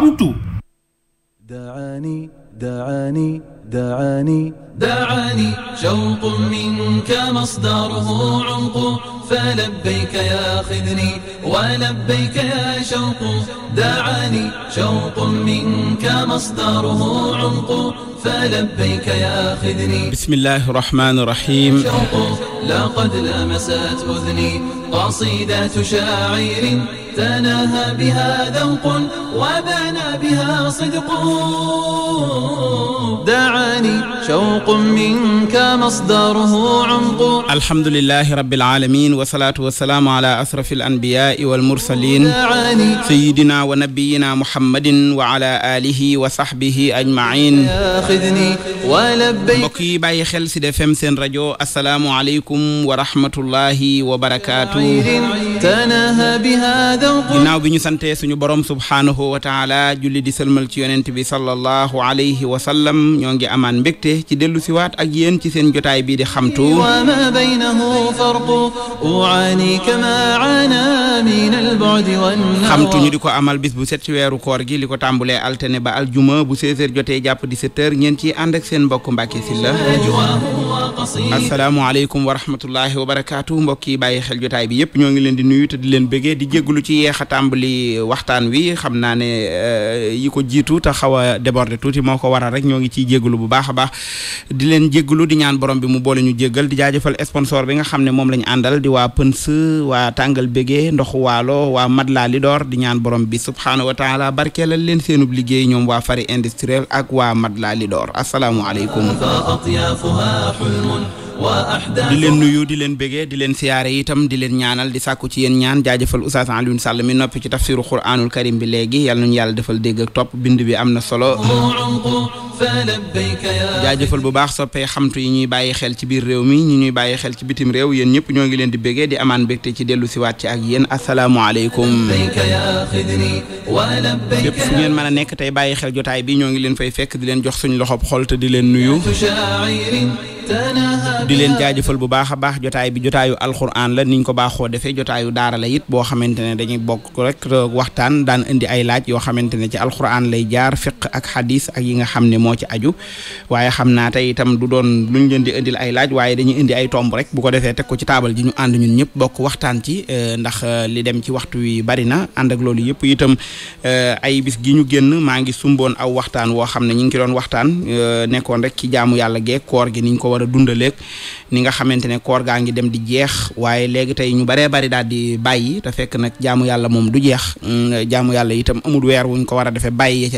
حمت دعاني دعاني دعاني دعاني شوق منك مصدره عمق فلبيك يا خذني ولبيك يا شوق دعاني شوق منك مصدره عمق فلبيك يا خذني بسم الله الرحمن الرحيم شوق لقد لمست أذني قصيدة شاعر تناهى بها ذوق وبنى بها صدق دعاني شوق منك مصدره عمق الحمد لله رب العالمين والصلاة والسلام على أشرف الأنبياء والمرسلين سيدنا ونبينا محمد وعلى آله وصحبه أجمعين mbokk yi bàyyi xel ci Sud FM seen rajo asalaamualeykum wa rahmatullahi wa barakaatu. ginnaaw bi ñu sante suñu borom subhaanahu wa taala julli di sëlmal ci yonent bi sallallahu alayhi alayhi wa sallam ñoo ngi amaan mbégte ci dellu siwaat ak yéen ci seen jotaay bii di xamtu wa ma baynahu farqu uani kama ana min al-bu'd xamtu ñu di ko amal bis bu set ci weeru koor gi li ko tàmbulee altene ba aljuma bu 16h jotee jàpp 17h ngeen ci ànd ak seen mbokk Mbàkke Sylla asalaamaaleykum wa rahmatullahi wa barakaatu mbokk yi bàyyi xel jotaay bi yëpp ñoo ngi leen di nuyu te di leen bëggee di jégalu ci yeex a tàmbali waxtaan wi xam naa ne euh, yi ko jiitu te xaw a déborder tuuti moo ko waral rek ñoo ngi ciy jégalu bu baax a baax di leen jégalu di ñaan borom bi mu boole ñu jéggal di jaajëfal sponsor bi nga xam ne moom ñu àndal di waa pëns waa tàngal bégee ndoxu waalo waa madla li door di ñaan borom bi subhaanahu wa taala barkeelal leen seenub liggéey ñoom waa fari industriel ak waa madla li door asalaamualeykum di leen nuyu di leen bégee di leen siyaare itam di leen ñaanal di sàkku ci yéen ñaan jaajëfal oustaz Alioune Sall mi noppi ci tafsiru quranul karim bi léegi yàlla nañu yàlla defal dégg ak topp bind bi am na solo jaajëfal bu baax soppee xam yi ñuy bàyyi xel ci biir réew mi ñi ñuy bàyyi xel ci bitim réew yéen ñëpp ñoo ngi leen di bégee di amaan bégte ci dellu siwaat ci ak yéen asalaamualeykum lépp fu ngeen mën a nekk tey bàyyi xel jotaay bi ñoo ngi leen fay fekk di leen jox suñ loxob xol te di leen nuyu di leen jaajëfal bu baax a baax jotaay bi jotaayu alxuraan la niñ ko baaxoo defee jotaayu daara la it boo xamante ne dañuy bokk rek waxtaan daan indi ay laaj yoo xamante ne ci alxuraan lay jaar fiq yi nga xam ne moo ci aju waaye xam naa tey itam du doon luñ leen di indil ay laaj waaye dañuy indi ay tomb rek bu ko defee teg ko ci taabal ji ñu ànd ñun ñëpp bokk waxtaan ci euh, ndax euh, li dem ci waxtu wi bari na ànd ak loolu yëpp itam euh, ay bis gi ñu génn maa ngi sumboon aw waxtaan woo xam ne ñu ngi ci doon waxtaan nekkoon rek ci jaamu yàlla gee koor gi niñ ko war a dundaleeg ni nga xamante ne koor gaa ngi dem di jeex waaye léegi tey ñu bare bari daal di bàyyi te fekk nag jaamu yàlla moom du jeex mm, jaamu yàlla itam amul weer wuñ ko war a defee bàyyi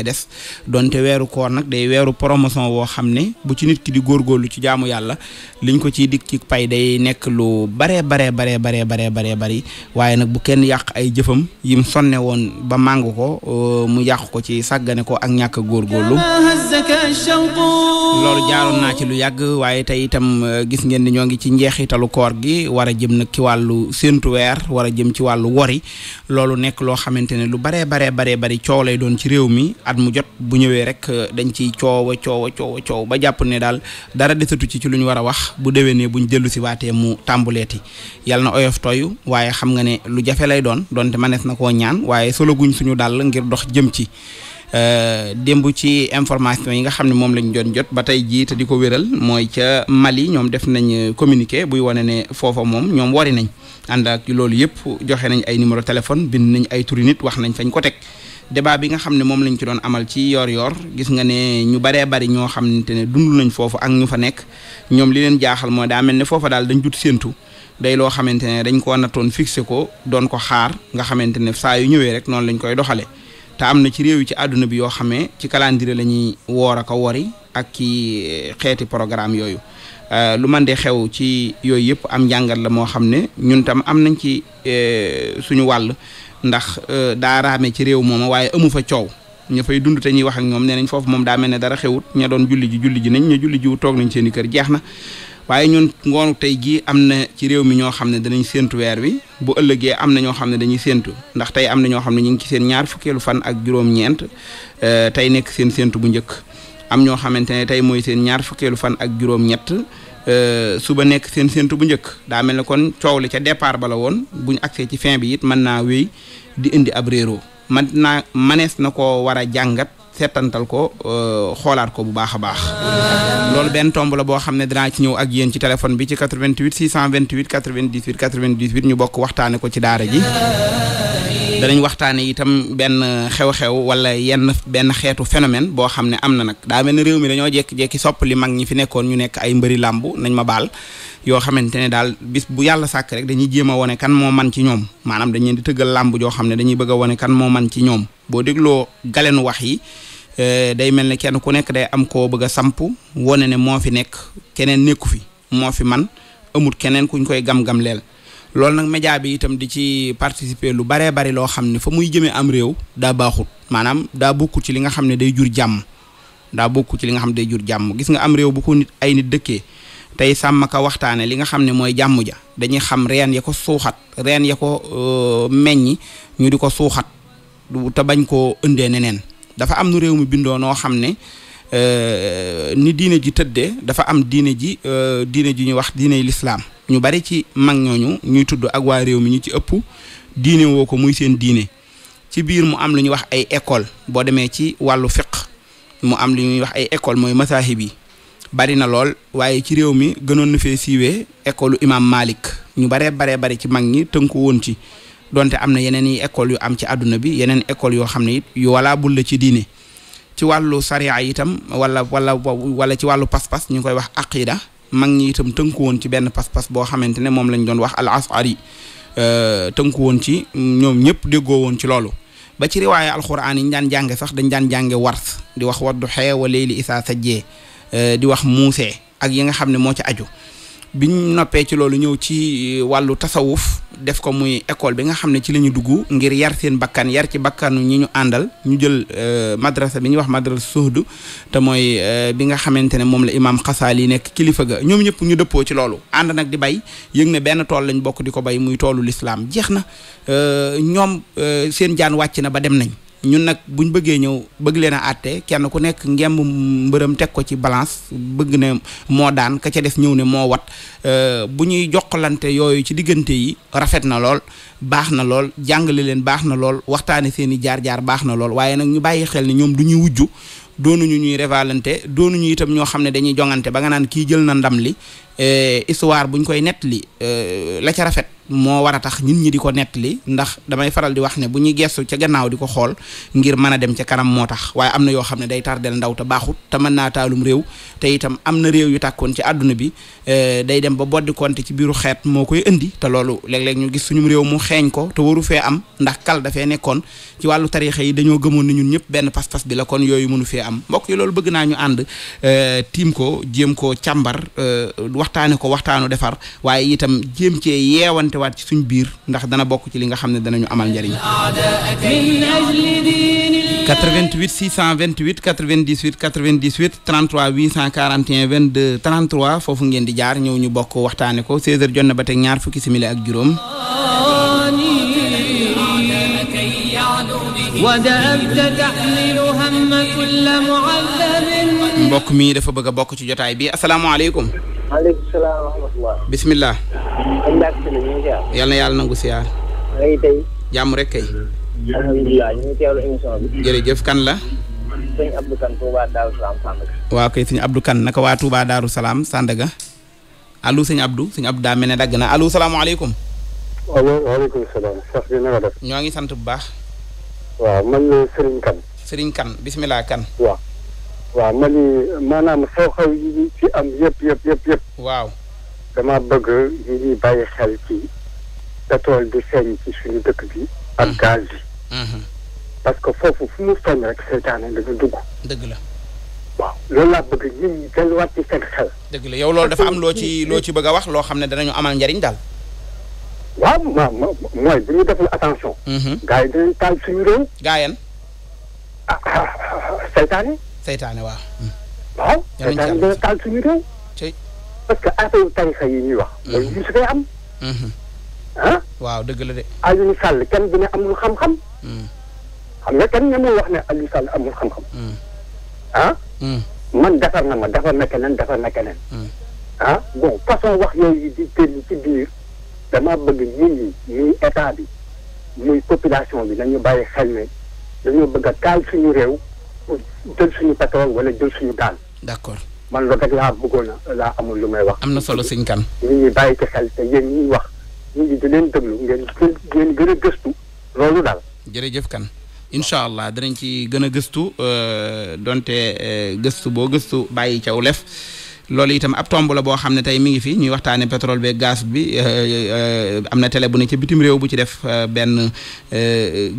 weeru promotion woo xam bu ci nit ki di góorgóorlu ci yàlla liñ ko ciy dik pay day nekk lu baree baree baree baree baree baree bari waaye nag bu kenn yàq ay jëfam yim sonne woon ba màng ko euh, mu yàq ko ci sàggane ko ak ñàkk góorgóorlu loolu jaaroon naa ci lu yàgg waaye tey itam euh, gis ngeen ni ñoo ngi ci njeexitalu koor gi war a jëm nag ci wàllu séntu weer jëm ci wàllu wori loolu nekk loo xamante ne lu baree baree baree bari coow lay doon ci réew mi at mu jot bu ñëwee rek euh, dañ ciy coow coowa coowa coowa coow ba jàpp ne daal dara desatu ci ci lu ñu war a wax bu dewee déwénee buñ dellu si waatee mu tàmbuleeti yàlla na oyof toyu waaye xam nga ne lu jafe lay doon donte manees na koo ñaan waaye solo guñ suñu dàll ngir dox jëm ci euh, démb ci information yi nga xam ne moom lañ doon jot ba tey jii te di ko wéral mooy ca Mali ñoom def nañ communiqué buy wane ne foofa moom ñoom wari nañ ànd ak loolu yëpp joxe nañ ay numéro téléphone bind nañ ay turi wax nañ fañ ko teg débat bi nga xam ne moom lañ ci doon amal ci yoor yoor gis nga ne ñu baree bari ñoo xam ne dund nañ foofu ak ñu fa nekk ñoom li leen jaaxal mooy daa mel ne foofa daal dañ jut séentu day loo xamante ne dañ koo nattoon fixé ko doon ko xaar nga xamante ne saa yu ñëwee rek noonu lañ koy doxalee te am na ci réew ci àdduna bi yoo xamee ci calendrier la ñuy woor ak a wori ak ci eh, xeeti programme yooyu euh, lu man de xew ci yooyu yëpp am njàngat la moo xam ne ñun tam am nañ ci eh, suñu wàll ndax euh, daa raame ci réew mooma waaye amu fa coow ña fay dund te ñuy wax ak ñoom nee nañ foofu moom daa mel ne dara xewut ña doon julli ji julli ji nañ ña julli wu toog nañ seen kër jeex na waaye ñun ngoonu tey jii am na ci réew mi ñoo xam ne danañ séentu weer wi bu ëllëgee am na ñoo xam ne dañuy séentu ndax am na ñoo xam ne ñu ngi ci seen ñaar fukkeelu fan ak juróom-ñeent euh, tey nekk seen séentu bu njëkk am ñoo xamante ne tey mooy seen ñaar fukkeelu fan ak juróom-ñett Euh, suba nekk seen séntu bu njëkk daa mel ne kon coow li ca départ ba la woon bu ñu agsee ci fin bi it mën naa wéy di indi ab réeroo man naa manees na ko war a jàngat seetantal ko euh, xoolaat ko bu baax a baax loolu benn tomb la boo xam ne dinaa ci ñëw ak yéen ci téléphone bi ci 88 628 98 98 ñu bokk waxtaane ko ci daara ji danañ waxtaane itam benn xew-xew wala yenn benn xeetu phénomène boo xam ne am na nag daa mel ne réew mi dañoo jekki-jekki sopp li mag ñi fi nekkoon ñu nekk ay mbëri làmb nañ ma baal yoo xamante ne daal bis bu yàlla sàkk rek dañuy jéem a wane kan moo man ci ñoom maanaam dañ leen di tëggal làmb joo xam ne dañuy bëgg a wane kan moo man ci ñoom boo dégloo galenu wax yi eh, day mel ne kenn ku nekk day am ko bëgg a samp wane ne moo fi nekk keneen nekku fi moo fi man amut keneen kuñ koy gam-gam leel loolu nag média bi itam di ci participer lu baree bari loo xam ne fa muy jëmee am réew daa baaxut maanaam daa bokku ci li nga xam ne day jur jàmm daa bokku li nga xam day jur jàmm gis nga am réew bu ko nit ay nit dëkkee tey sàmm ka waxtaane li nga xam ne mooy jàmm ja dañuy xam reen ya ko suuxat reen ya ko euh, meññi ñu di ko suuxat te bañ koo ëndee neneen dafa am nu réew mi bindoo noo xam ne euh, ni diine ji tëddee dafa am diine ji euh, diine ji ñu wax diine lislaam ñu bari ci mag ñooñu ñuy tudd ak waa réew mi ñu ci ëpp diine woo ko muy seen diine ci biir mu am lu ñuy wax ay école boo demee ci wàllu fiq mu am lu ñuy wax ay école mooy masahib yi bari na lool waaye ci réew mi gënoon na fee siiwee école imam Malik ñu bare baree bari ci mag ñi tënku woon ci donte am na yeneen yi école yu am ci àdduna bi yeneen école yoo xam ne it yu walaabul la ci diine ci wàllu sariya yitam wala wala wala ci wàllu pas-pas ñu koy wax aqida mag ñi itam tënku woon ci benn pas-pas boo xamante ne moom lañ doon wax al asari euh, tënku woon ci ñoom ñëpp déggoo woon ci loolu ba ci riwaaya alxuraan yi ñu daan jànge sax dañ daan jànge wars di wax waddu xee wa leeli isaa sajjee Eh, di wax muusee ak yi nga xam ne moo ci aju biñ noppee ci loolu ñëw ci eh, wàllu tasawuf def ko muy école bi nga xam ne ci la ñu dugg ngir yar seen bakkan yar ci bakkanu ñi ñu àndal ñu jël eh, madrasa bi ñu wax madrasa suhdu te mooy bi nga xamante ne moom la imaam xasaali nekk kilifa ga ñoom ñëpp ñu dëppoo ci loolu ànd nag di bay yëg ne benn tool lañ bokk di ko bay muy toolu lislaam jeex na ñoom seen jaan wàcc na ba dem nañ ñun nag buñ bëggee ñëw bëgg leen a àtte kenn ku nekk ngemb mbërëm teg ko ci balance bëgg ne moo daan ka ca des ñëw ne moo wat euh, bu ñuy joxalante yooyu ci diggante yi rafet na lool baax na lool jàngale leen baax na lool waxtaane seeni jaar-jaar baax na lool waaye nag ñu bàyyi xel ni ñoom du ñuy wujju doonuñu ñuy révalante ñu itam ñoo xam ne dañuy jongante ba nga naan kii jël na ndam li euh, histoire buñ koy nett li euh, la ca rafet moo war a tax ñun ñi di ko nettali ndax damay faral di wax ne bu ñuy gestu ca gannaaw di ko xool ngir mën a dem ca kanam moo tax waaye am na yoo xam ne day tardel ndaw te baaxut te mën naa taalum réew te itam am na réew yu tàkkoon ci àdduna bi eh, day dem ba boddi konte ci biiru xeet moo koy indi te loolu léeg-léeg ñu gis suñu réew mu xeeñ ko te waru fee am ndax kal dafee nekkoon ci wàllu tarixa yi dañoo gëmoon ni ñun ñëpp benn pas-pas bi la kon yooyu mënu am mbokk yi loolu bëgg naa ñu ànd eh, tiim ko jéem ko càmbar eh, waxtaane ko waxtaanu defar waaye itam jéem cee waxantewaat ci suñ biir ndax dana bokk ci li nga xam ne danañu amal njariñ njëriñ 88 628 98 98 33 841 22 33 foofu ngeen di jaar ñëw ñu bokk waxtaane ko 16h jot na ba teg ñaar fukki simili ak juróom mbokk mi dafa bëgg a bokk ci jotaay bi asalaamaaleykum maaleykum salaam wa rahmatulah. yal na yàlla nangu siyaar. léegi rek kay. alhamdulilah ñu jërëjëf kan la. sëñ Abdou Kane Touba Darou Salaam Sandaga. waaw kay sëñ Abdou Kane naka waa Touba Darou Salaam Sandaga. allo sëñ Abdou sëñ Abdou daa mel dagg na allo salaamaaleykum. allo waaleykum salaam. sax bi na nga def. ñoo ngi sant bu baax. waaw man la Serigne Kane. Serigne Kane bisimilah Kane. waaw ma ni maanaam xew-xew yi ci am yëpp yëpp yëpp yëpp. waaw dama bëgg ñu ñuy bàyyi xel ci pétrole bi feeñ ci suñu dëkk bi. ak mm-hmm. gaz bi. Mm-hmm. parce que foofu fu mu feeñ rek seytaane dafa dugg. dëgg la. waaw loolu laa bëgg nit ñi delluwaat ci seen xel. dëgg la yow loolu dafa am loo ci loo ci bëgg a wax loo xam ne danañu amal njariñ daal. waaw ma ma mooy bu ñu deful attention. Mm-hmm. gars yi dinañ taal suñu réew. gars ah, ah, ah, seytaane. seytaane waaw. waaw seytaane dana taal suñu réew. parce que affaire tarixa yi ñuy wax. mooy yu su fee am. ah. waaw dëgg la de. Aliou Sall kenn bi ne amul xam-xam. Mhm. xam nga kenn ñamul wax ne Aliou Sall amul xam-xam. Mhm. man defar na ma defar na keneen defar na keneen. ah bon façon wax yooyu di tënnu ci biir dama bëgg nit ñi muy état bi muy population bi nañu bàyyi xel ne dañoo bëgg a taal suñu réew. jël suñu pétrole wala jël suñu gaal. d'accord man loolu rek laa bëggoon laa amul lu may wax. am na solo sëñ kan. ñu ngi bàyyi ci xel te yéen ñuy wax ñu ngi di leen déglu ngeen gën gëstu loolu daal. jërëjëf kan. incha allah danañ ci gën a gëstu euh, donte euh, gëstu boo gëstu bàyyi caw lef loolu itam ab tomb la boo xam ne tey mi ngi fi ñuy waxtaane pétrole beeg gaz bi euh, am na télé bu ne ci bitim réew bu ci def benn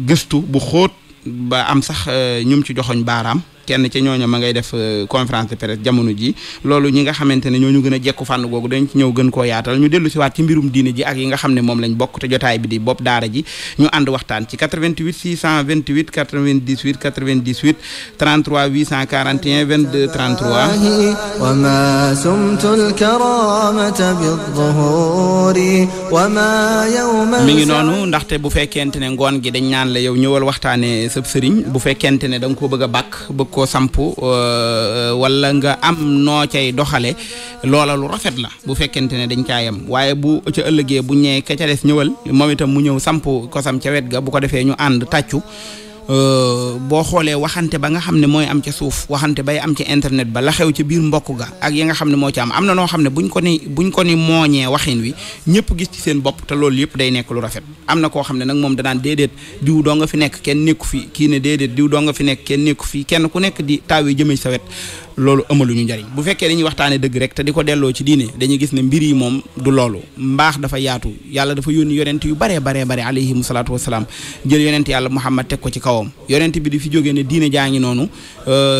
gëstu bu xóot ba am sax euh, ñum ci joxoñ baaraam kenn ca ñooña ma ngay def euh, conférence de presse jamono ji loolu ñi nga xamante ne ñooñu gën a jekku fànn googu dañ ci ñëw gën koo yaatal ñu dellu si waat ci mbirum diine ji ak yi nga xam ne moom lañ bokk te jotaay bi di bopp daara ji ñu ànd waxtaan ci 88 628 98 98 33 841 22 33 wama sumtu lkaramata bizuhuri wama yawma mi ngi noonu ndaxte bu fekkente ne ngoon gi dañ ñaan la yow ñëwal waxtaane sëb sëriñ bu fekkente ne da ko bëgga bakk koo samp euh, euh, wala nga am noo cay doxale loola lu rafet la bu fekkente ne dañ caa yem waaye bu ca ëllëgee bu ñëwee ka ca des ñëwal moom itam mu ñëw samp kosam ca wet ga bu ko defee ñu ànd tàccu Euh, boo xoolee waxante ba nga xam ne mooy am ca suuf waxante bay am ca internet ba la xew ca biir mbokk ga ak ya nga xam ne moo ca am am na noo xam ne buñ ko ni buñ ko ni mooñee waxin wi ñëpp gis ci seen bopp te loolu yëpp day nekk lu rafet am na koo xam ne nag moom danaan déedéet diw doo nga fi nekk kenn nekku fi kii ne déedéet diw doo nga fi nekk kenn nekku fi kenn ku nekk di taaw yi jëmee sa wet loolu amalu ñu njariñ bu fekkee dañuy waxtaane dëgg rek te di ko delloo ci diine dañu gis ne mbir yi moom du loolu mbaax dafa yaatu yàlla dafa yónni yonent yu baree baree bare alayhim salaatu wasalaam jël yonent yàlla Muhammad teg ko ci kawam yonent bi di fi jógee ne diine jaa ngi noonu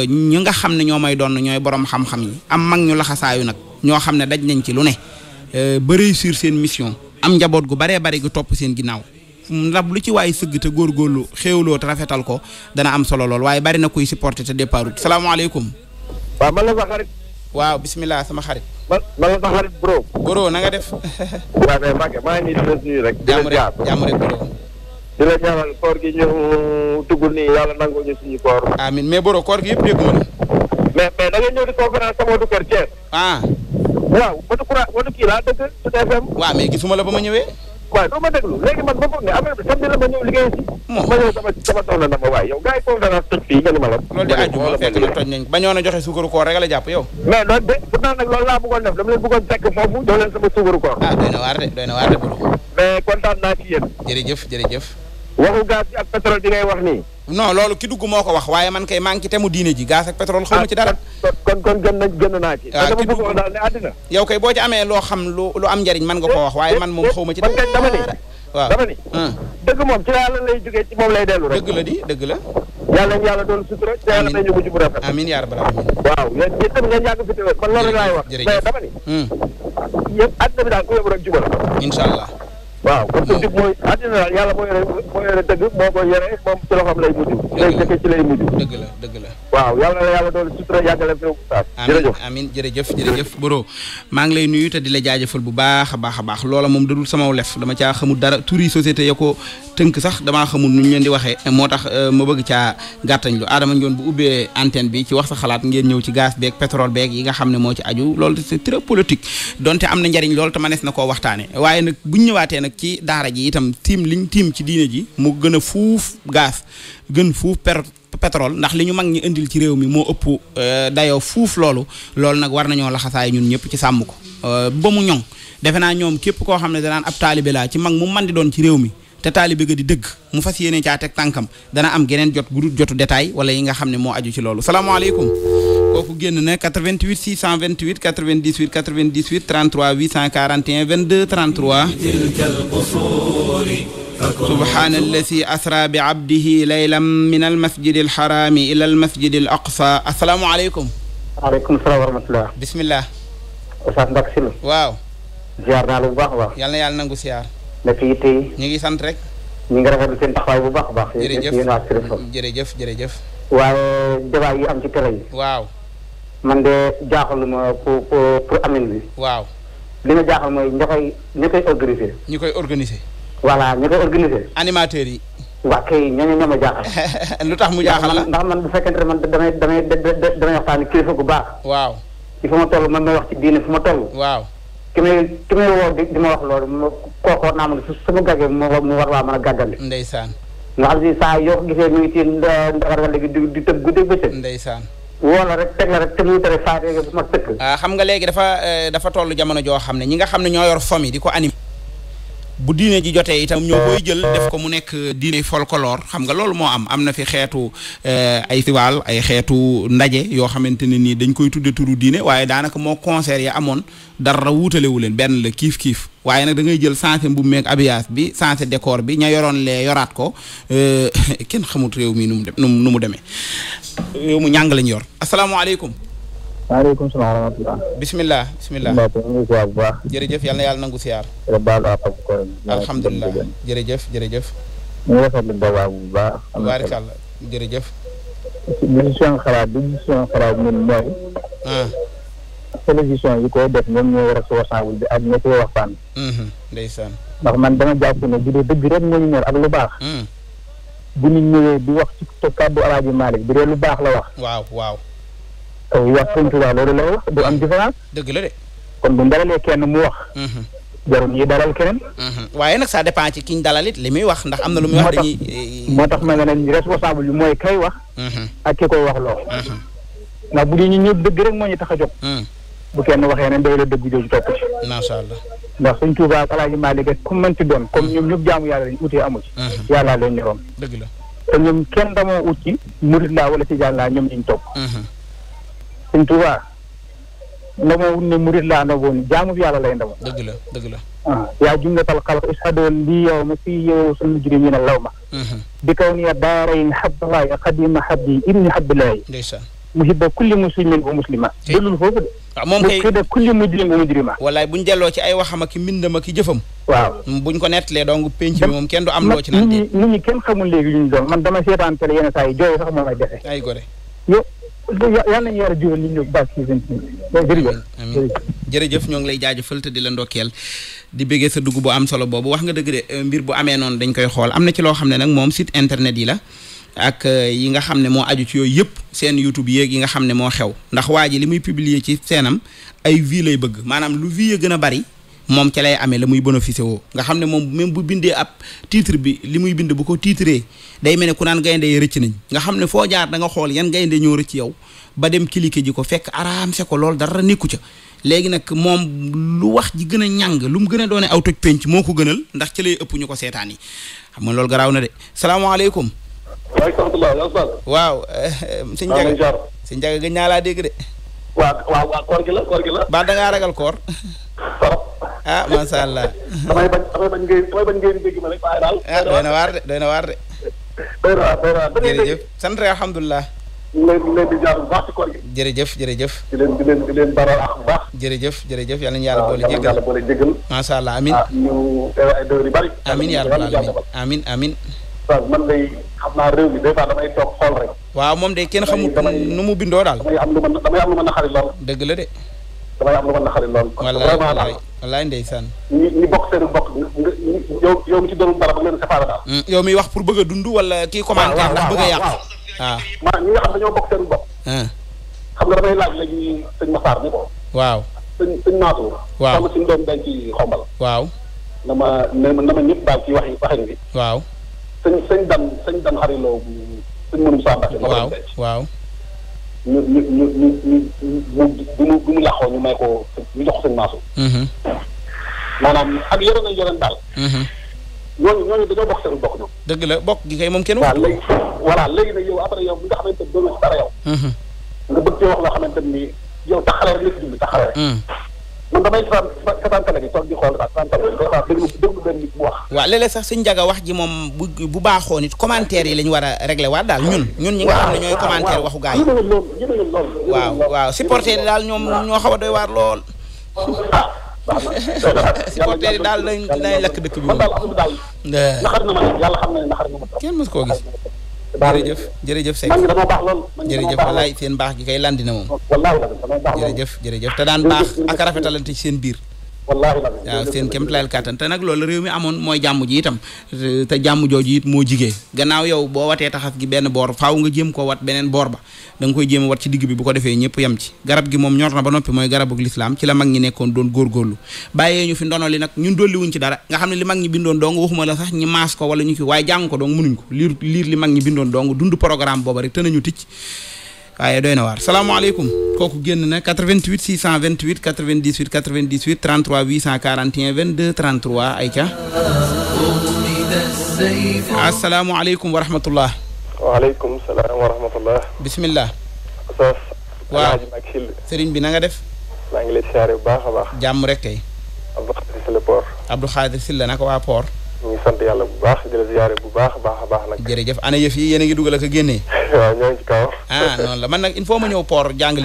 ñi nga xam ne ñoo may doon ñooy borom xam am mag ñu laxasaayu nag ñoo xam ne daj nañ ci lu ne ba réussir seen mission am njaboot gu baree bare gu topp seen ginnaaw ndab lu ci waay sëgg te góorgóorlu xéewloo te rafetal ko dana am solo lool waaye bari na kuy supporter te salaamaaleykum waaw man la sa xarit. waaw bisimilah sama xarit. man man la sa xarit bro. bro na nga def. waaw mais Mbacke rek. di leen bro. di la ñaanal koor gi ñu tuggul nii yàlla nangu ñu suñu koor. amiin mais bro koor gi yëpp dégg nga. mais mais da nga ñëw di conférence ah. waaw mais gisuma la ba ma ñëwee. waaye doo léegi man ma foog ne affaire sama sama soxna yi foofu dana a joxe suukaru koor rek la jàpp yow. mais loolu de pourtant nag loolu laa bëggoon ah, waar de doy na waar de naa ci yéen. jërëjëf jërëjëf. waxu gaz bi ak pétrole ngay wax nii non loolu ki dugg moo ko wax waaye man kay maa ngi ci temu diine ji gaz ak pétrole xaw ci dara. Ah, kon kon gën na gën naa ah, ki dugg daal ne àddina. yow kay boo ci amee loo xam lu lu am njariñ man nga ko wax waaye man moom xaw ma ci dara. dama ni waaw ah. dëgg moom ci yàlla lay jógee ci moom lay dellu rek. dëgg la di dëgg la. yàlla ñu yàlla doon sutura ci ni. Hmm. yëpp àddina bi daal ku yóbbu rek jubal. allah waaw kon politique mooy yàlla dëgg moo koy yore moom dëgg la dëgg la. waaw yàlla na yàlla doon sutura yàggale fi oustaz. jërëjëf amiin jërëjëf jërëjëf ngi lay nuyu te di la jaajëfal bu baax a baax a baax loola moom dadul sama lef dama caa xamul dara turi société ya ko tënk sax damaa xamul nu ñu leen di waxee moo tax euh, ma bëgg caa gàttañ lu Adama Ndione bu ubbee antenne bi ci wax sa xalaat ngeen ñëw ci gaz beeg pétrole beeg yi nga xam ne moo ci aju loolu c'est très politique donte am na njariñ loolu te manees na koo waxtaane waaye bu ñëwaatee nag ci daara ji itam tiim liñ tiim ci diine ji mu gën a fuuf gaaf gën fuuf per ndax li ñu mag ñi indil ci réew mi moo ëpp euh, dayoo fuuf loolu loolu nag war ñoo laxasaay ñun ñëpp ci sàmm ko euh, ba mu ñoŋ defe naa ñoom képp koo xam ne danaan ab taalibe laa ci mag mu man di doon ci réew mi te taalibe ga di dëgg mu fas yéene caa teg tànkam dana am geneen jot gudul jotu détail wala yi nga xam ne moo aju ci loolu salaamaaleykum kooku génn na 88 628 98 98 33 841 22 33 subhaana alladi asra bi abdihi laylan min almasjid alxaraami ila almasjid al aqsa asalaamualeykum aleykum salaam wa rahmatullah bisimillah Oustaz Mbacké Sylla waaw ziar naa la bu baax a baax yal na yàlla nangu siyaar na ci yitte ñu ngi sant rek ñu ngi rafetlu seen bu baax a baax jërëjëf jërëjëf jërëjëf waaw débat yi am ci télé man de jaaxaluma pour pour pour waaw li ma jaaxal mooy ña koy ña koy organiser. ñi koy organiser. voilà ñi koy organiser. animateurs yi. waa kay ñooñu ñoo ma jaaxal. lu tax mu jaaxal la ndax man bu fekkente ne man damay damay damay waxtaan kilifa gu baax. waaw ci fu ma toll man may wax ci diine ma toll. waaw ki may ki may woo di ma wax loolu ma kooku naa ma su sama gàggee mu war mu war waa mën a gàggandi. ndeysaan. nga xam si saa yoo ko gisee mu ngi ci ndawar wala di di tëb guddeeg bëccëg. ndeysaan. woo la rek teg la rek te muy tere faatee bu ma tëkk. Ah, xam nga léegi dafa eh, dafa tollu jamono joo xam ne ñi nga xam ne ñoo yor fomm di ko animé. bu diine ji jotee itam ñoo koy jël def ko mu nekk diine folklore xam nga loolu moo am am na fi xeetu eh, ay siwaal ay xeetu ndaje yoo xamante ne nii dañ koy tudde turu diine waaye daanaka moo concert ya amoon dara wuutalewu leen benn la kiif kiif waaye nag dangay jël sensé mbubb meeg abiyaas bi sensé décor bi ña yoroon lee yoraat ko eh, kenn xamut réew mi nu mu dem nu mu demee réew mu ñàng lañ yor asalaamaaleykum waaleykum salaam wa rahmatulah. bisimilah bisimilah. bu baax. jërëjëf yal na yàlla nangu siyaar. alhamdulilah jërëjëf jërëjëf. ñu rafetlu dawaa bu baax. baarikàlla jërëjëf. décision xalaat décision xalaat ñun mooy. Ah. télévision yi ko def ñoom ñoo war a si mhm, ndax man dama jàpp ne bu dee dëgg rek moo ñu ñor ak lu baax. Mhm. bu ñu ñëwee di wax ci kàddu Alaaji Maalik bi dee lu baax la wax. waaw waaw. wax sëñ Tuubaa loolu lay wax du am différence. dëgg la de. kon bu dalalee kenn mu wax. Mhm. jarul ñuy dalal keneen. Mhm. waaye nag ça dépend ci ki ñu dalal it li muy wax ndax am na lu muy wax dañuy. Eh, eh, moo tax ma ne responsable bi mooy kay wax. Mhm. ak ki koy wax loo. ndax bu dee ñun ñëpp dëgg rek moo ñu tax a jóg. bu kenn waxee ne day la dëgg jooju topp ci. macha allah ndax suñ Tuubaa Alaaji Maalik rek ku mën ci doon comme ñoom ñëpp jaamu yàlla lañ utee amu ci. yàllaa leen ñoroon. dëgg la te ñoom kenn damoo ut ci murit laa wala ci jàll laa ñoom ñu topp. sëñ Tuubaa ndamoo wut ne murit laa ndamoon jaamu yàlla lay ndamoo. dëgg la dëgg la. Ah, yaa jumlatal xalq ishadoo lii yow ma fii yow sunu mujrimiina law ma. Mhm. bi kaw nii daarayn xabdalaay xadima xabdi ibni xabdilaay. ndeysaan. muhibba kulli muslimin wa muslima. dellul foofu de. waaw ah, moom kay muhibba kulli mujrimin wa mujrima. wallaay bu ñu delloo ci ay waxam ak i mbindam ak i jëfam. waaw buñ ko nettalee donc penc bi moom kenn du am loo ci naan. nit kenn xamul léegi ñu doon man dama seetaan télé yenn saa yi jooy sax moo may defe. ay gore yow yàlla nañu yàlla jiwal li ñu baax ci jërëjëf ñoo ngi lay jaajëfal te di la ndokkeel di bëggee sa dugg bu am solo boobu wax nga dëgg de euh, mbir bu amee noonu dañ koy xool am na ci loo xam ne nag moom site internet yi la ak euh, yi nga xam ne moo aju ci yooyu yëpp seen YouTube yeeg yi nga xam ne moo xew ndax waa ji li muy publier ci seenam ay vues lay bëgg maanaam lu vues gën a bari moom ca lay ame la muy bénéficié woo nga xam ne moom même bu bindee ab titre bi li muy bind bu ko titree day mel ne ku naan gaynde yi rëcc nañ nga xam ne foo jaar danga xool yan gaynde ñoo rëcc yow ba dem cliquer ji ko fekk araamse ko loolu dara nekku ca léegi nag moom lu wax ji gën a ñàng lu mu gën a doone aw toj penc moo ko gënal ndax ci lay ëpp ñu ko seetaan yi xam nga loolu garaaw na de salaamaaleykum waaleykum salaam waaw euh, euh, sëñ Njaga sëñ Njaga gën naa dégg de waaw waaw koor gi la gi la. ba da ngaa ragal koor. ah macha allah. damay ah, doy na waar de doy na waar de. doy na waar sant alhamdulilah. ñu leen leen di jaar bu jërëjëf jërëjëf. di leen jërëjëf jërëjëf yal nañu yàlla boole jégal waaw yal boole jégal. macha allah amiin ah ñu teew ay dëwër waaw man day xam naa réew mi des fois damay xool rek. waaw moom de kenn xamul nu mu bindoo daal. damay am lu ma damay am lu ma naxari lool. dëgg la de. damay am lu ma naxari lool. wallaay wallaay wallaay ndeysaan. ñi ñi bokk seen bokk nga yow yow mi ci doonul dara ba yow mi wax pour bëgg a dund wala kii commentaire ndax bëgg a yàq. waaw waaw ah. ñi nga xam dañoo bokk seen bopp. Ah. xam nga damay laaj waaw sëñ sëñ Naatu. waaw sama dañ ci xombal. waaw. na ma na ma daal ci waxi waxin bi. waaw sëñ sañ dam sëñ dam xariloo sëñ mënum sàmbate waaw waaw ñu ñu ñu ñu ñu mu bi ñu ko ñu jox ko sëñ mm-hmm. ak yoreen nañ daal mm-hmm. ñooñu ñooñu dañoo bokk seen bokk ñoom dëgg la bokk gi kay moom kenn waaw léegi voilà léegi yow après yow bi nga xamante ni doonoo ci yow mm-hmm. nga bëgg wax loo xamante ni yow taxale rek la ci jubli taxale rek mm. man damay seetaan télé bi toog di xool seetaan wax. sax suñu jaga wax ji moom bu bu baaxoo nit commentaire yi lañ ñu war a daal ñun. ñun ñi nga xam ne ñooy commentaire waxu gars yi. waaw waaw supporter daal ñoom ñoo xaw a doy waar lool. Ah, supporter yi daal dañ dañ lakk dëkk bi moom. ma yàlla xam na ne naxar na ma kenn mës koo gis. jërëjëf jërëjëf Seck man dama baax lool jërëjëf wallaay seen baax gi kay landi na moom jërëjëf jërëjëf te daan baax ak rafetalante ci seen biir wallaahi waaw seen kéem tolluwaayal kàttan te nag loolu réew mi amoon mooy jàmm ji itam te jàmm jooju it moo jigee gannaaw yow boo watee taxaf gi benn boor faaw nga jéem ko wat beneen boor ba da nga koy jéem a ci digg bi bu ko defee ñëpp yem ci garab gi moom ñor ba noppi mooy garabu lislaam ci la mag ñi nekkoon doon góorgóorlu bàyyee ñu fi ndono li nag ñun dolli wuñ ci dara nga xam ne li mag ñi bindoon dong waxuma la sax ñi maas ko wala ñu ki waaye jàng ko dong mënuñ ko liir liir li mag ñi bindoon dong dund programme booba rek te nañu ticc waaye doy na waar salaamaaleykum kooku génn na 88 628 98 98 33 841 22 33 ayca asalaamualeykum wa rahmatullah waaleykum salaam wa rahmatullah bismillah sos waaw sëriñ bi na nga def maa ngi lay siyaare bu baax a baax jàmm rek kay Abdou Khadir Sylla Port Abdou naka waa Port ñu sant yàlla bu baax la ziyaare bu baax baax a baax nag jërëjëf ana yëf yi yéen a ngi dugal ak a génnee waaw ñoo ngi ci kaw ah noonu la man nag il faut ma ñëw port jàng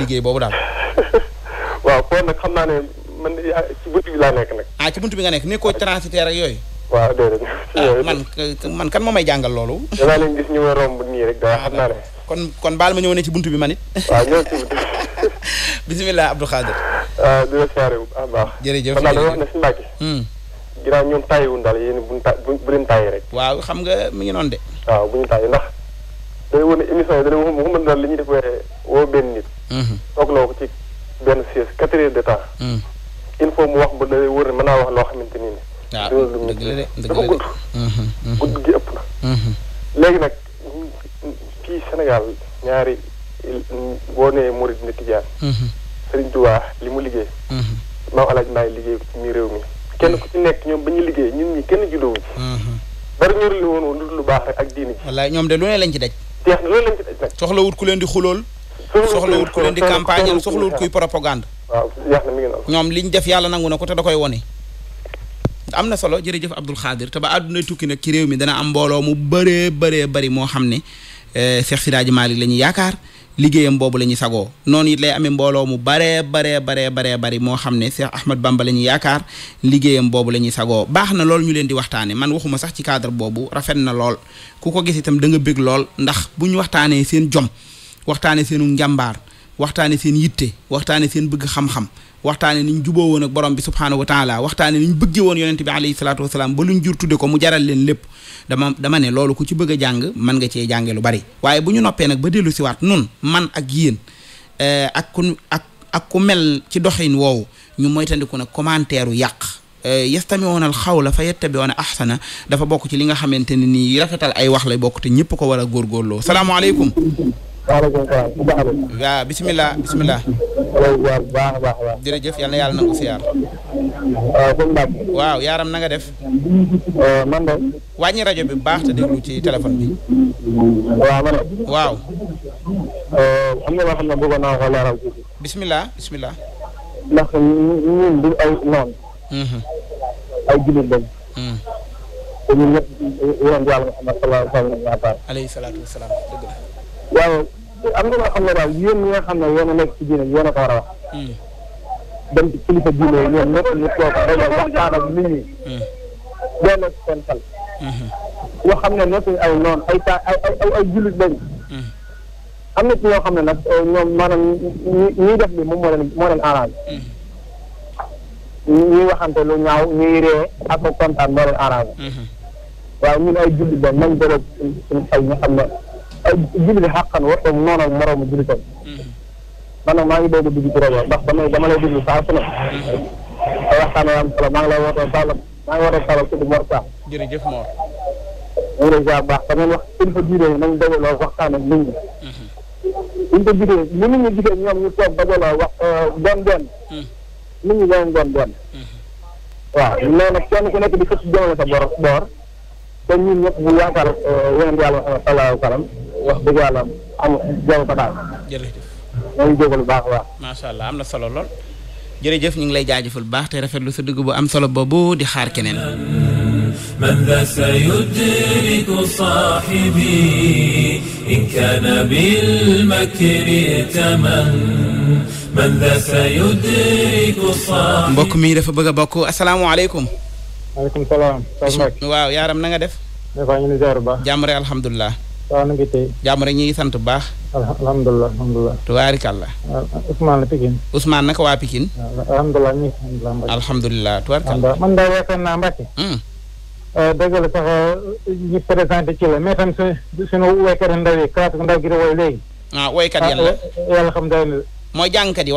bunt bi laa nekk nag ah ci bunt bi nga nekk nekkoo transitaire ak yooyu waaw déedéet ah, man man kan moo may jàngal loolu danaa leen gis ñu ma romb nii rek daa ah, xam naa ne kon kon baal ma ñëw ne ci bunt bi man it waaw ñëw ci bunt bi ginnaaw ñoom tàyyiwuñ daal yéen bu ta bu leen tàyyi rek. waaw xam nga mi ngi noonu de. waaw bu ñu tàyyi ndax day wane émission yi dañoo waxuma daal li ñuy def woo benn nit. Mhm. toog loo ko ci benn de temps. Mhm. il mu wax ba day wër ne mën loo xamante ni ne. waaw ah, dëgg la de dëgg la de gudd. Mhm, gudd gi na. léegi nag fii Sénégal ñaari boo nee li mu liggéey. maam El Hadj liggéey ci réew mi. kenn ku ci nekk ñoom ba ñu liggéey ñun ñi kenn juddoo ci mhm. dara ñorul woon woon lu baax rek ak diini ji wallaay ñoom de lu ne lañ ci daj jeex soxla wut ku leen di xulool soxla wut ku leen di campagne soxla wut kuy propagande waaw jeex na mi ñoom liñ def yàlla nangu na ko te da koy wone am na solo jërëjëf Abdul Xaadir te ba àdduna tukki nag ci réew mi dana am mbooloo mu bëree bëree bari moo xam ne eh, Cheikh Siraaji Malick la ñuy yaakaar liggéeyam boobu la ñuy sagoo noonu it lay amee mbooloo mu bare baree baree bare bari moo xam ne Cheikh Ahmad Bamba la ñuy yaakaar liggéeyam boobu la ñuy sagoo baax na lool ñu leen di waxtaane man waxuma sax ci cadre boobu rafet na lool ku ko gis itam danga nga lool ndax bu ñu waxtaanee seen jom waxtaanee seenu njàmbaar waxtaane seen yitte waxtaane seen bëgg xam-xam waxtaane niñ juboo woon ak borom bi subhaanahu wa taala waxtaane ni ñu bëggee woon yonente bi alayhi salaatu wasalaam ba luñ jur ko mu jaral lépp dama dama ne loolu ku ci bëgg a jàng mën nga cee jànge lu bari waaye bu ñu noppee nag ba dellu siwaat nun man ak yéen eh, ak ku ak ak ku mel ci doxin woowu ñu moytandiku nag commentaire u yàq eh, yastamiwoon al xawla fa yettabiwoon ahsana dafa bokk ci li nga xamante ne nii rafetal ay wax lay ñëpp ko war a góorgóorloo salaamaaleykum waaleykum baax la. waaw bisimilah bisimilah. waaw waaw baax a baax a baax. jërëjëf yal na yàlla def. man de. rajo bi bu baax te déglu ci téléphone bi. waaw man waaw. am wa salaatu wa waaw. am nga loo xam ne daal yéen ñi nga xam ne yéen a nekk ci diine yéen a ko war a wax. Hmm. dem ci kilifa diine yi ñoom ñëpp ñu toog dañoo waxtaan ak nit ñi. Hmm. doon na seen xel. Hmm. yoo xam ne nekkuñ ay noon ay ta ay ay ay jullit lañ. am na ci ñoo xam ne nag euh, ñoom maanaam ñuy def li moom moo leen moo leen arrangé. ñuy waxante lu ñaaw ñuy ree ak kontaan moo leen arrangé. waaye ñun ay jullit lañ nañ bëreeg ay ñi xam ne. ay julli xàqan warta noonal moroomu maa ngi doog a dugg ci roba ndax damay dama lay déglu saa su ne te waxtaan wi am solo maa ngi lay baax te man wax kilifa diine yi nañ dajaloo waxtaan ak nit ñi buñ ko gisee ni nit ñi gisee ñoom ñu toog dajaloo wax doon euh, doon nit ñi ñoom doon doon waaw mais nag kenn ku nekk di xëcc jëmale sa bor boor te ñun ñëpp bu yaakaar euh, yeneen yàlla sallallahu alayhi wa wax dëgg baax a allah am na solo lool. jërëjëf ñu ngi lay jaajëfal bu baax te rafetlu sa dugg bu am solo bo di xaar keneen. من ذا سيدرك صاحبي إن كان بالمكر ائتمن من ذا سيدرك صاحبي mbokk mi dafa bëgg a bokk asalaamaaleykum. maaleykum waaw yaaram na nga def. ñu ngi ziar alhamdulilah. waaw rek ñu sant baax. alhamdulilah alhamdulilah. tubaarikàlla. Uh, Ousmane la Pikine. Ousmane naka waa Pikine. Uh, alhamdulilah ñu ngi sant bu baax. alhamdulilah tubaarikàlla. man daal yaakaar naa Mbacke. Hmm. Uh, dëgg la sax ñu présenté ci la mais tam suñu woykat ndaw yi kalaatu ndaw gi di woy léegi. ah woykat yàlla ah, yàlla xam daal. mooy jàngkat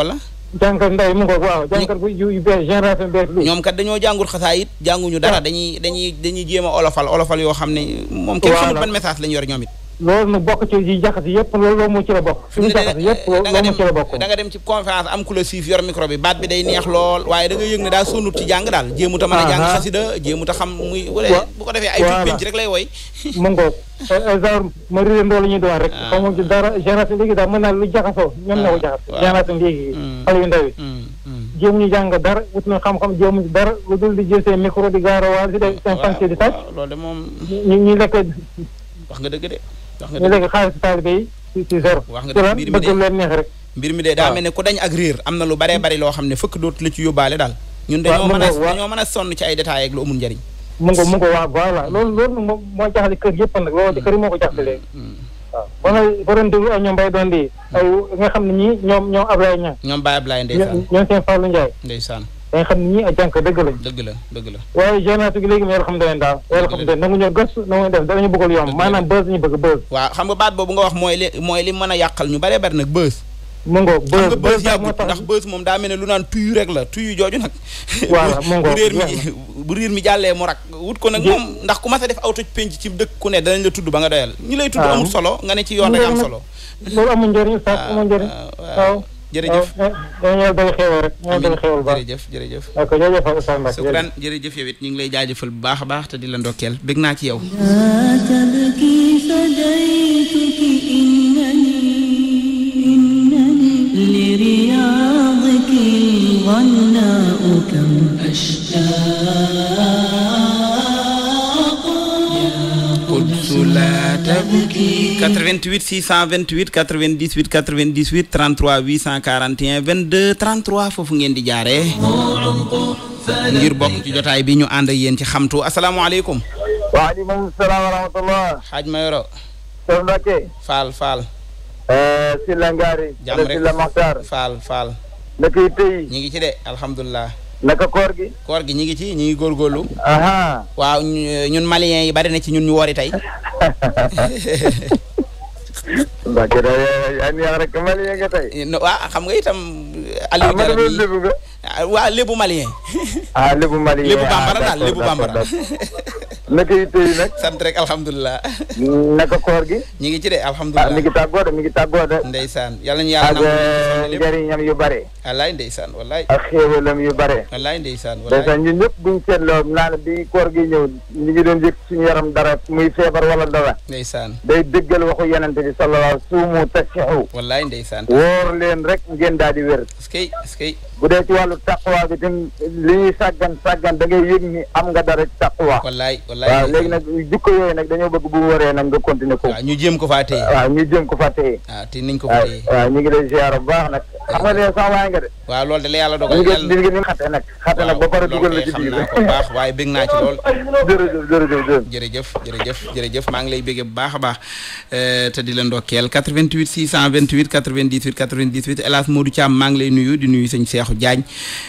jànkar nday mu waaw jànkar bu yu bees génération bees ñoom kat dañoo xasaa xasaayit jànguñu dara ah. dañuy dañuy dañuy jéem a olofal olofal yoo xam ne moom kenn xamul ban message lañu yor ñoom it loolu nag bokk ci yi jaxas yëpp loolu moo ci la bokk. fi mu ne yëpp loolu moo ci la bokk. da nga dem ci conférence am ku la siif yor micro bi baat bi day neex lool waaye da yëg ne daa sonut ci jàng daal. jéemut a mën a jàng xasida a xam muy. wala bu ko defee ay tuuti penc rek lay woy. mu ngoog eh, eh, genre ma réer ndoo la ñuy doon ah. ma dara naa lu jaxasoo. ñoom ñoo ko ah. jaxasoo. génération léegi. Mm. xale yu ndaw yi. Mm, mm. jéem ñu jàng dara wut na xam-xam jéem dara lu dul di jël seen micro di gaarawaal di def seen fanke di tàcc. loolu de moom ñu ñu lekk wax nga dëgg de wax nga dëgg léegi xaalisu taalibe yi ci ci zéro. wax nga dëgg mbir mi de neex rek. mbir mi de daa mel ne dañ ak riir am na lu baree bari loo xam ne fëkk dootu la ci yóbbaale daal. ñun dañoo mën a dañoo mën a sonn ci ay détails ak lu amul njariñ. mu ngo mu ngo waaw voilà loolu loolu moom moo jaxle kër yëpp nag loolu kër yi moo ko jaxle léegi. Mm, mm, mm. waaw ba may borom déglu ak ñoom Baye doon nga xam ne ñii ñoom ñoom Ablaye Niang. ñoom Baye Ablaye ndeysaan ñoom dañ xam ni ñii ay jànk dëgg lañ. dëgg la dëgg la. waaye jeunesse gi léegi mooy alhamdulilah daal. dëgg nangu ñoo gëstu nangu def danañu bëggal yomb maanaam bës ñu bëgg bës. waaw xam nga baat boobu nga wax mooy li mooy a yàqal ñu bare bari nag bës. mu ngoog bës bës yàggut moom daa mel lu naan tuyu rek la tuyu jooju nag. voilà mu ngoog bu réer mi bu réer mi jàllee mu rak wut ko nag moom ndax ku mas a def aw toj penc ci dëkk ku ne danañ la tudd ba nga doyal. ñu lay tudd ah. amul solo nga ne ci yoon rek am solo. loolu amul njëriñ sax amul ah, ah, jërëjëf oh, oh, oh, ñoo doon xéwal rek ñoo doon xéwal baax jërëjëf jërëjëf d'accord jërëjëf Oustaz Mbacké yow ngi lay jaajëfal bu baax a di la ndokkeel bég naa ci yow لرياضك الغناء كم 88 628 98 98 33 841 22 33 foofu ngeen di jaaree. ngir bokk ci jotaay bi ñu ànd ak yéen ci xamtu asalaamaaleykum. waaleykum salaam wa rahmatulah. xaaj ma yoro. Sër Mbacke. Fall Fall. Eh, Sylla Ngari. jàmm rek Sylla Makhtar. Fall Fall. naka yi tey. ñu ngi ci de alhamdulilah. naka koor gi. koor gi ñu ngi ci ñu ngi góorgóorlu. waw ñun maliens yi bari na ci ñun ñu woori tey. Mbacke da itam. Ah, Aliou Diarra bi ah man lébu malien. Ah, bambara ah, daal naka yitte yi nag. sant rek alhamdulilah. naka koor gi. ñu ngi ci de alhamdulilah ah mi ngi tàggoo de mi ngi tàggoo de. ndeysaan yàlla ñu yàlla nangu. ak eh, njëriñam yu bare. wallaay ndeysaan wallaay. ak xéewalam yu bare. wallaay ndeysaan wallaay. ndeysaan ñun ñëpp buñ seetloo naan bi koor gi ñëw ñu ngi doon yëg suñu yaram dara muy feebar wala dara. ndeysaan day dëggal waxu yenente bi sallallahu suumu tasixu. wallaay ndeysaan. wóor leen rek ngeen daal di wér. est que est bu dee ci wàllu taqwa bi tam li ñuy saggan saggan da ngay yëg ni am nga dara taqwa. wallaay wallaay waaw léegi nag jikko yooyu nag dañoo bëgg bu mu waree nag nga continuer ko. waaw ñu jéem ko faa téye. waaw ñu jéem ko faa téye. waaw ah, te niñ ko faa téye. waaw ñu ngi lay ziar bu baax nag. nga de. waaw loolu de la yàlla dogal. yàlla li ngeen xate baax waaye bég naa lool. jërëjëf jërëjëf jërëjëf jërëjëf jërëjëf maa ngi lay béggee bu baax a baax euh, te di la ndokkeel 88 628 98 98 El Hadj Modou Thiam maa ngi lay nuyu di nuyu sëñ Cheikhou Diagne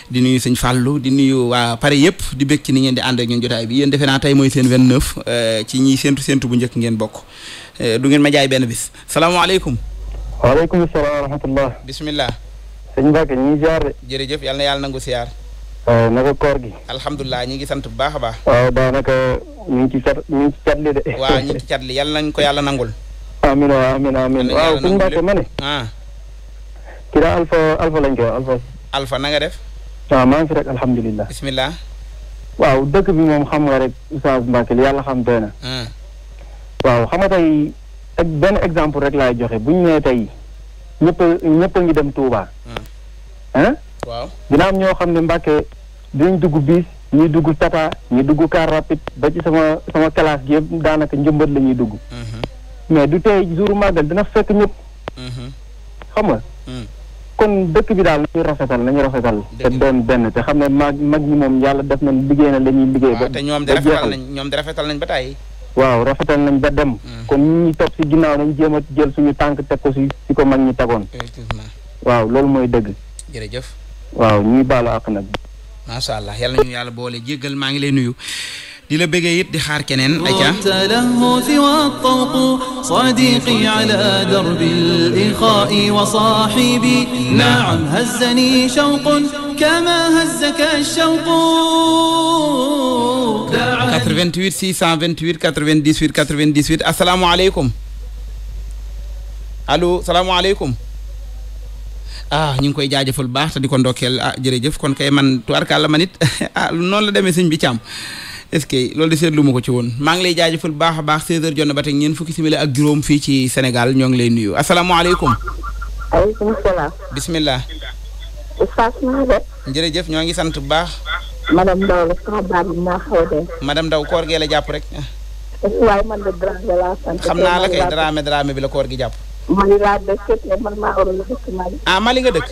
di nuyu sëñ Fallou di nuyu waa pare yëpp di bég ci ni ngeen di ànd ak ñun jotaay bi yéen defe naa tey mooy seen 29 euh, ci ñiy séntu séntu bu njëkk ngeen bokk euh, du ngeen ma jaay benn bis salaamaaleykum. waaleykum salaam wa rahmatullah bismillah sëñ Mbacke ñu ngi de. jërëjëf yal na yàlla nangu siyaar. waaw euh, naka koor gi. alhamdulilah ñu ngi sant bu baax a baax. waaw daanaka ñu ngi ci cat ñu ngi waaw ñu yal nañ ko yàlla nangul. amiin waaw na nga def. waaw maa fi rek alhamdulilah. bisimilah. waaw dëkk bi moom xam nga rek Oustaz Mbacke yàlla xam doy na. Ah. waaw xam nga tey exemple rek laay joxe bu ñu nee tey ñëpp ngi dem Touba. ah. waaw dina am ñoo xam ne Mbàkke dinañ dugg biis ñuy dugg tata ñuy dugg car rapide ba ci sama sama classe gi yëpp daanaka njëmbat la ñuy dugg. Mhm. mais du tey jour màggal dina fekk ñëpp. Mhm. xam nga. Mhm. kon dëkk bi daal nañu rafetal nañu rafetal. te doon benn te xam ne mag mag ñi moom yàlla def nañ liggéey na la ñuy liggéey. ba te ñoom di rafetal nañ ñoom di rafetal nañ ba tàyyi. waaw rafetal nañ ba dem. kon ñi ñuy topp si ginnaaw nañ jéem a jël suñu tànk teg ko si si ko mag ñi tegoon. waaw loolu mooy dëgg. jërëjëf. waaw ñuy baalu àq nag. macha allah yal nañu yàlla boole jéggal maa ngi lay nuyu. di la bëggee it di xaar keneen. ayca talahhuti wa tawqu sadiqi ala darbi al-iqaa'i wa saahibi naam hazzani shawqun kama hazzaka ash-shawqu 88 628 98 98 asalaamaaleykum allo salaamaaleykum ah ñu ngi koy jaajëfal baax te di ko ndokkeel ah jërëjëf kon kay man tubaarkàlla man it ah noonu la demee sëñ bi càmm est-ce loolu de seetlu ma ko ci woon maa ngi lay jaajëfal baax a baax 16h jot na ba tey ñeent fukki simili ak juróom fii ci Sénégal ñoo ngi lay nuyu asalaamaaleykum. aleykum salaam. bisimilah. jërëjëf ñoo ngi sant bu baax. madame Ndaw la sama koor gee jàpp rek. waaye man xam naa la kay Dramé Dramé bi la koor gi jàpp. Mali laa dëkk maa waroon Mali. ah Mali nga dëkk.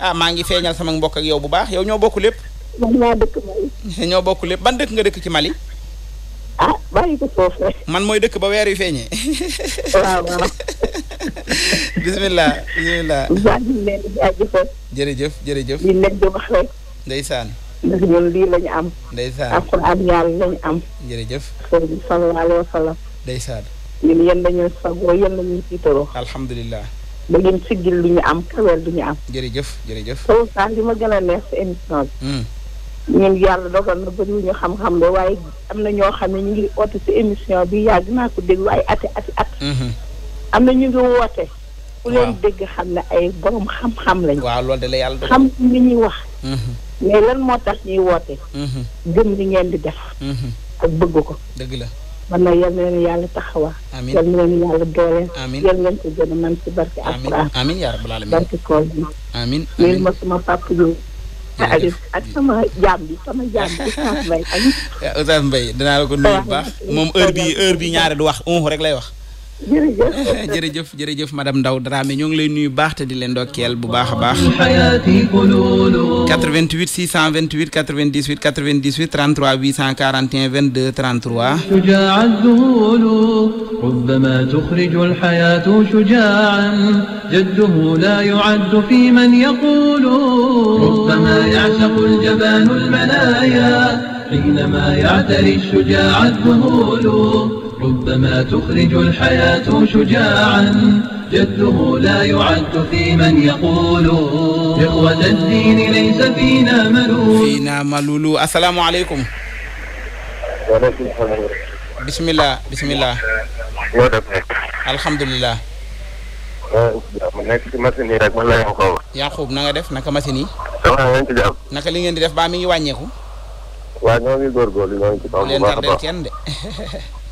ah maa ngi feeñal sama mbokk ak yow bu baax yow ñoo bokku lépp. man maa ban dëkk nga dëkk ci Mali. ah man mooy dëkk ba weer yu feeñee. waaw waaw. bisimilah jërëjëf jërëjëf. ñu leen am. ndeysaan alxuraan am. jërëjëf. sëriñ sallallahu alayhi ñun yéen lañuy sagoo yéen lañuy tiitaroo. alhamdulilah. da ngeen siggil lu ñu am kaweel du ñu am. jërëjëf jërëjëf. Sow sax li ma gën a neex si émission bi. Hmm. ñun yàlla dogal na lu ñu xam-xam la waaye am na ñoo xam ne ñu ngi oote si émission bi yàgg naa ko déglu ay ati ati at. Hmm. am na ñu ngi wootee ku leen dégg xam ne ay borom xam-xam lañu. waaw loolu yàlla xam li ñuy wax. Hmm. mais lan moo tax ñuy wootee gën li ngeen di def. ak bëgg ko dëgg la. man nag yal na leen yàlla taxawal. amiin yal na leen yàlla dooleel. amiin yal ngeen ko gën a man ci barke alquran. amiin yaa rabbal alamin barke kool ma. amiin amiin ma sama papa Diouf. jërëjëf ak sama jaam bi sama jaam bi Oustaz Mbaye. Oustaz Mbaye dinaa ko nuyu baax moom heure bi heure ñaare du wax un rek lay wax. jërëjëf jërëjëf jërëjëf madame Ndaw Dramé ñoo ngi lay nuyu baax te di leen ndokkeel bu baax a baax. 88 628 98 98 33 841 22 33. شجاع الذهول ربما تخرج الحياة شجاعا جده لا يعد في من يقول ربما يعشق الجبان المنايا حينما يعتري الشجاع الذهول ربما تخرج الحياة شجاعا جده لا يعد في من يقول إخوة الدين ليس فينا ملول فينا ملول السلام عليكم وعليكم السلام بسم الله بسم الله الحمد لله ma nekk ci machine yi rek man la Yankhoub na nga def naka machine yi naka li ngeen di def ba mi ngi wàññeeku waaw ñoo ngi góorgóorlu ñoo ngi ci bu baax a kenn de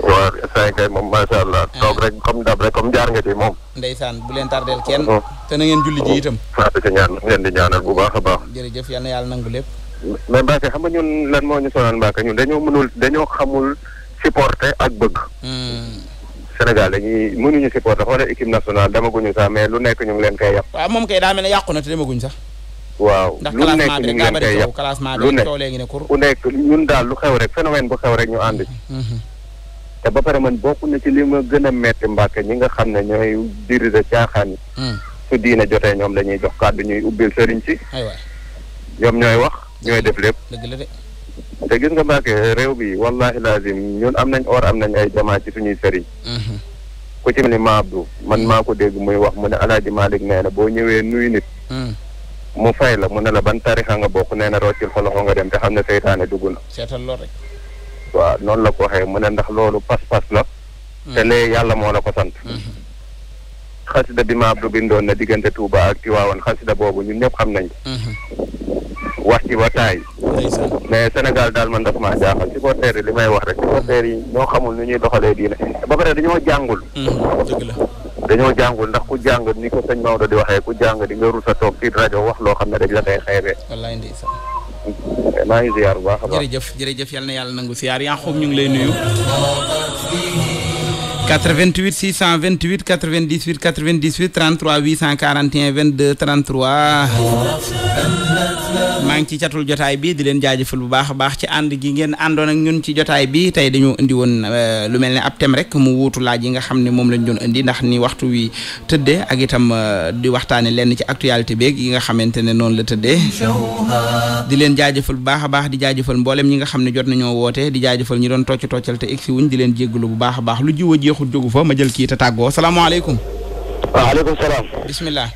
waaw saa kay moom macha allah ah. toog rek comme dab rek comme jaar nga ci moom ndeysaan bu leen tardeel kenn mm-hmm. te na ngeen julli ji itam faatu ci ñaan leen di ñaanal bu baax a baax jërëjëf yal na yàlla nangu lépp mais Mbacke xam nga ñun lan moo ñu sonal Mbacke ñun dañoo mënul dañoo xamul supporter ak bëgg hmm. Sénégal dañuy mënuñu supporter xoolal équipe nationale demaguñu sax mais lu nekk ñu ngi leen koy yàq waaw moom kay daa na te demaguñ sax waaw lu nekk ñu ngi leen koy yab classement bi ne ku nekk ñun daal lu xew rek phénomène bu xew rek ñu ànd ci mm-hmm. Mm-hmm. te ba pare man bokk na ci li ma gën a metti Mbàkke ñi nga xam ne ñooy dirige caaxaan yi mm. su diine jotee ñoom la ñuy jox kàddu ñuy ubbil sëriñ si ñoom ñooy wax ñooy def lépp te gis nga Mbàkke réew bi wallahi lazim ñun am nañ or am nañ ay jamaa ci suñuy sëriñ mm-hmm. ku ci ma ni Maabdu man maa ko dégg muy wax mu ne Alaaji Malik nee na boo ñëwee nuyu nit mm. mu fay la mu ne la ban tarixa nga bokk nee na roccil fa loxo nga dem te xam ne seytaane dugg na. waaw noonu la ko waxee mu ne ndax loolu pas-pas la. Hmm. te lee yàlla moo la ko sant. Hmm. xasida bi ma Abdou bindoon na diggante Touba ak Tiwaawan xasida boobu ñun ñëpp xam nañ ko. Hmm. wax ci ba taay. mais senegal daal man daf maa jaaxal supporters yi li may wax rek supporters yi ñoo xamul nu ñuy doxalee diine ba pare dañoo jàngul. dëgg dañoo jàngul ndax ku jàng ni ko sëñ Maodo di waxee ku jàng di nga rusa toog ci rajo wax loo xam ne dañ la koy xeebee. wallaay ndeysaan. maa ngi ziar bu baax a baax. jërëjëf jërëjëf yal na yàlla nangu ziar yaa ngi ñu ngi lay nuyu. 88 628 98 98 33 841 22 33 maa ngi ci catul jotaay bi di leen jaajëfal bu baax a baax ci ànd gi ngeen àndoon ak ñun ci jotaay bi tey dañoo indi woon euh, lu mel ne ab tem rek mu wuutu laaj yi nga xam ne moom lañ doon indi ndax ni waxtu wi tëddee ak itam euh, di waxtaane lenn ci actualité beeg yi nga xamante ne noonu la tëddee di leen jaajëfal bu baax a baax di jaajëfal mboolem ñi nga xam ne jot nañoo woote di jaajëfal ñi doon tocc toccal te egsi wuñ di leen jéggalu bu baax a baax lu jiw a jeexu neexul jógu ma jël kii te tàggoo salaamaaleykum. waaleykum salaam. bisimilah.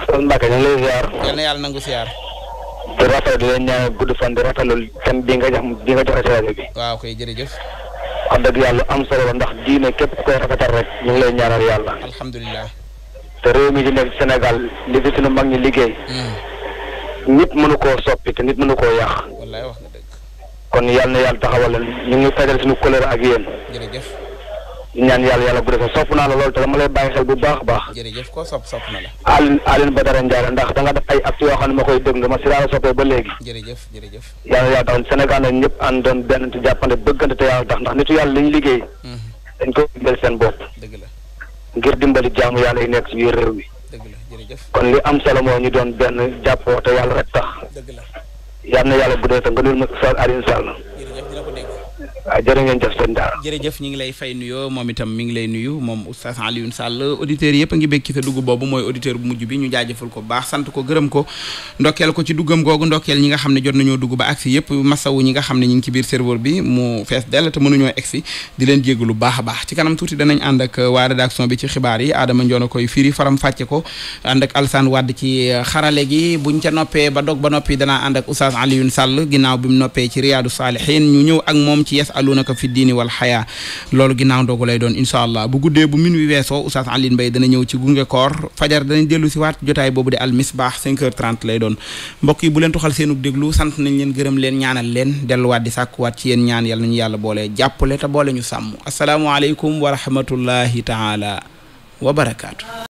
Oustaz Mbacke ñu ngi lay ziar. yal na yàlla nangu ziar. di rafetlu di leen ñaan gudd fan di rafetlu seen bi nga jox am solo ndax diine képp koy rafetal rek ñu ngi lay ñaanal yàlla. alhamdulilah. te réew mi di nekk Sénégal li fi suñu mag ñi liggéey. Hmm. nit mënu koo soppi te nit mënu koo yàq. wallaay wax nga dëgg. kon yàlla na yàlla taxawal ñu ngi fajal suñu couleur ak yéen. jërëjëf. ñaan yàlla yàlla guddal sa sopp naa la lool te dama lay bàyyi xel bu baax a baax. jërëjëf koo sopp sopp na la. Alioune Alioune Badara Ndiaye ndax da nga def ay actes xam ne ma koy déglu ma si laa la soppee ba léegi. jërëjëf jërëjëf. yàlla yàlla tax Sénégal nag ñëpp ànd doon benn te jàppante bëggante te yàlla tax ndax nitu yàlla lañu liggéey. Mhm. dañ ko dimbali seen bopp. dëgg la ngir dimbali jaamu yàlla yi nekk si biir réew mi. dëgg la kon li am solo moo ñu doon benn jàppoo te yàlla rek tax. dëgg la. yàlla na yàlla guddal sa nga dul Alioune Sall jërë ngeen jëf seen daal. jërëjëf ñu ngi lay fay nuyoo moom itam mi ngi lay nuyu moom oustaz Alioune Sall auditeurs yëpp a ngi békk ci sa boobu mooy auditeur bu mujj bi ñu jaajëfal ko baax sant ko gërëm ko ndokkeel ko ci duggam googu ndokkeel ñi nga xam ne jot nañoo dugg ba agsi yëpp masawu ñi xam ne ñu ngi ci serveur bi mu fees dell te mënuñoo egsi di leen jégg lu a baax ci eh, noppee ba dog ba noppi danaa ànd ak oustaz Alioune Sall ginnaaw bi mu noppee ci Riyadou Salihin ñu ñëw ak moom ci yes yasalunaka fi diini wal xayaa loolu ginnaaw ndogu lay doon incha allah bu guddee bu min wi weesoo oustaz Alioune Mbaye dana ñëw ci gunge koor fajar danañ dellu si waat jotaay boobu di al misbaax 5 heures 30 lay doon mbokk yi bu leen tuxal seenub déglu sant nañ leen gërëm leen ñaanal leen delluwaat di waat ci yéen ñaan yal nañu yàlla boole jàppale te boole ñu sàmm asalaamualeykum wa rahmatullahi taala wa barakaatu